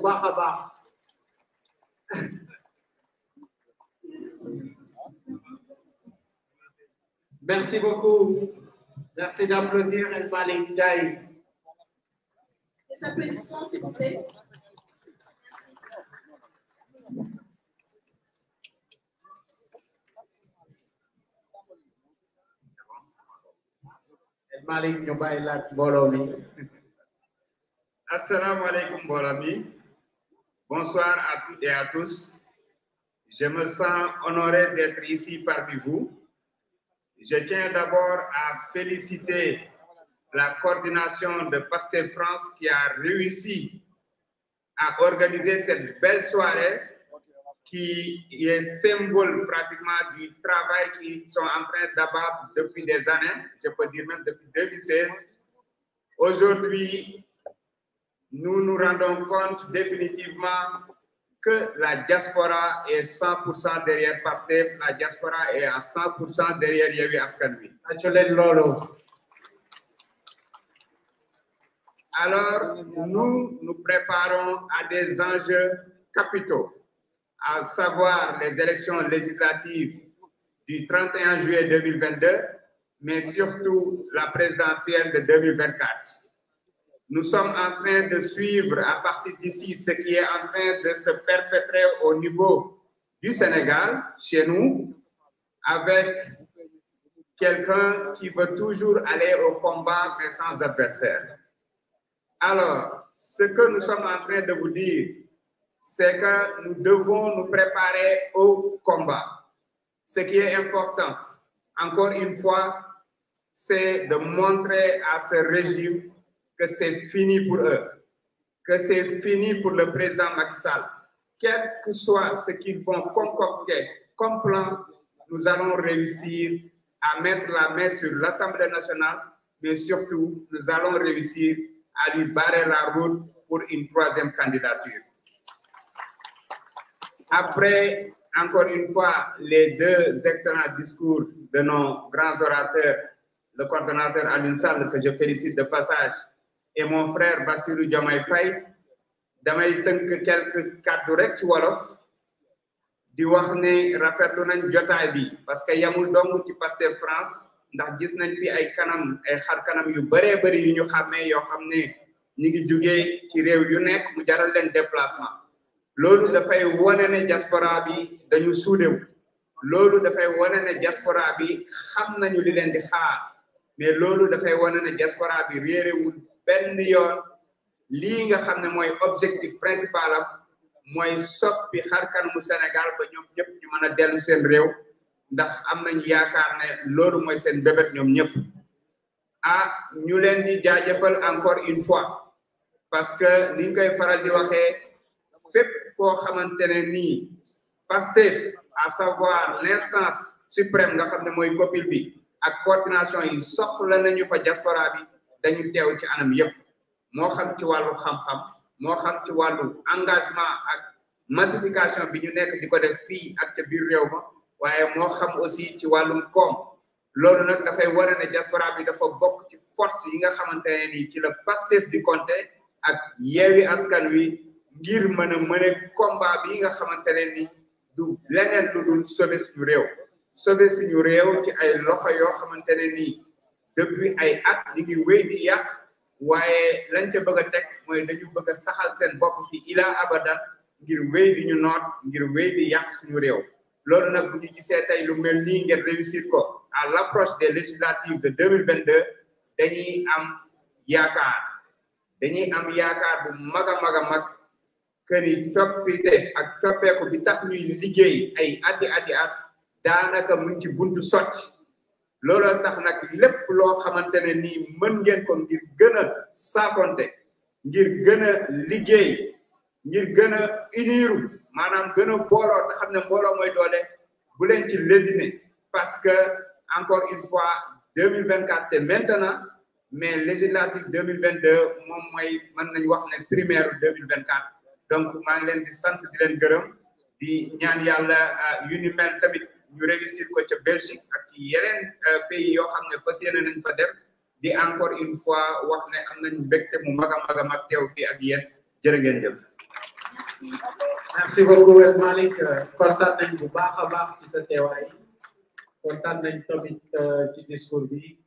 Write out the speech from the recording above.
Baraba. Merci beaucoup. Merci d'applaudir El Malik Daï. Les applaudissements, s'il vous plaît. El Malik ñu bàyyi Assalamu alaikum, mi. Bonsoir à toutes et à tous. Je me sens honoré d'être ici parmi vous. Je tiens d'abord à féliciter la coordination de Pasteur France qui a réussi à organiser cette belle soirée qui est symbole pratiquement du travail qu'ils sont en train d'abattre depuis des années, je peux dire même depuis 2016. Aujourd'hui, nous nous rendons compte définitivement que la diaspora est 100% derrière PASTEF, la diaspora est à 100% derrière Yévi Askanwi. Alors, nous nous préparons à des enjeux capitaux, à savoir les élections législatives du 31 juillet 2022, mais surtout la présidentielle de 2024. Nous sommes en train de suivre à partir d'ici ce qui est en train de se perpétrer au niveau du Sénégal, chez nous, avec quelqu'un qui veut toujours aller au combat mais sans adversaire. Alors, ce que nous sommes en train de vous dire, c'est que nous devons nous préparer au combat. Ce qui est important, encore une fois, c'est de montrer à ce régime que c'est fini pour eux, que c'est fini pour le président Macky Sall. Quel que soit ce qu'ils vont concocter comme plan, nous allons réussir à mettre la main sur l'Assemblée nationale, mais surtout, nous allons réussir à lui barrer la route pour une troisième candidature. Après, encore une fois, les deux excellents discours de nos grands orateurs, le coordonnateur Alun Sall, que je félicite de passage, et mon frère Bassirou Diomaye Faye damay tënk quelques kàddu rek ci wolof di wax ne rafetlu nañ jotaay bi parce que yamul dong ci Pastef France ndax gis nañ fi ay kanam ay xar kanam yu bëree bëri yu ñu xàmmee yoo xam ne ñu ngi jugee ci réew yu nekk mu jaral leen déplacement loolu dafay wane ne diaspora bi dañu suudewu loolu dafay wane ne diaspora bi xam nañu li leen di xaar mais loolu dafay wane ne diaspora bi réerewul benn yoon lii nga xam ne mooy objectif principal am mooy soppi xarkanamu Sénégal ba ñoom ñëpp ñu mën a dellu seen réew ndax am nañ yaakaar ne loolu mooy seen bébét ñoom ñëpp ah ñu leen di jaajëfal encore une fois parce que niñ koy faral di waxee fépp foo xamante ne nii à savoir l'instance suprême nga xam ne copil bi ak coordination yi soxla nañu fa diaspora bi dañu teew ci anam yépp moo xam ci wàllu xam-xam moo xam ci wàllu engagement ak massification bi ñu nekk di ko def fii ak ca biir réew ma waaye moo xam aussi ci wàllum koom loolu nag dafay wara ne diaspora bi dafa bokk ci force yi nga xamante ne nii ci la Pastef di compté ak yeewi askan wi ngir mën a mën combat bi nga xamante ne ni du leneen lu dul service suñu réew service ñu réew ci ay loxo yoo xamante ne nii depuis ay at ñu ngi di yàq waaye lañ ca bëgg a teg mooy dañu bëgg a saxal seen bopp fi ila abada ngir wéy di ñu noot ngir wéy di yàq suñu réew loolu nag bu ñu gisee tey lu mel nii ngeen réussir ko à l'approche des législatives de deux mille vingt deux dañuy am yaakaar dañuy am yaakaar bu mag a mag a mag que ni coppite ak coppeeku bi tax ñuy liggéey ay ati ati at daanaka mu ci buntu sotti looloo tax nag lépp loo xamante ne nii mën ngeen ko ngir gën a saafonte ngir gën a liggéey ngir gën a uniru maanaam gën a booloo te xam ne mbooloo mooy doole bu leen ci lésiner parce que encore une fois deux mille vingt quatre c'est maintenant mais législative deux mille vingt deux moom mooy mën nañu wax ne primaire deux mille vingt quatre donc maa leen di sant di leen gërëm di ñaan yàlla ah, yu ni tamit ñu réussir ko ca Belgique ak ci yeneen euh, pays yoo xam ne fas yéene nañ fa dem di encore une fois wax ne am nañ mbégte mu mag a mag a mag teew fii ak yéen jërë ngeen jëf. merci beaucoup El Malick kontaan nañ bu baax a baax ci sa teewaay kontaan nañ tamit euh, ci discours bi.